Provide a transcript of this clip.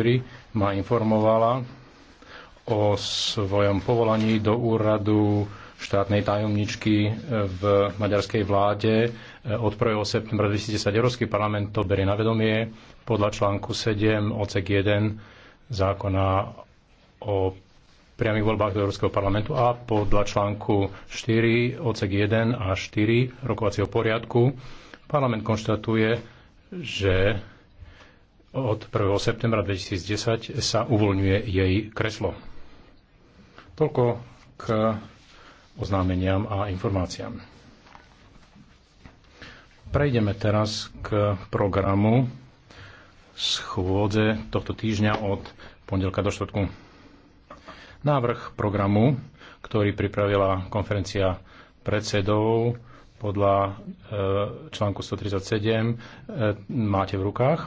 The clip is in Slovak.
Ry ma informovala o svojom povolaní do úradu štátnej tajomničky e, v maďarskej vláde e, od 1. septembra 2010. Európsky parlament to berie na vedomie podľa článku 7 odsek 1 zákona o priamých voľbách do Európskeho parlamentu a podľa článku 4 odsek 1 a 4 rokovacieho poriadku parlament konštatuje, že od 1. septembra 2010 sa uvoľňuje jej kreslo. Toľko k oznámeniam a informáciám. Prejdeme teraz k programu schôdze tohto týždňa od pondelka do štvrtku. Návrh programu, ktorý pripravila konferencia predsedov podľa e, článku 137, e, máte v rukách.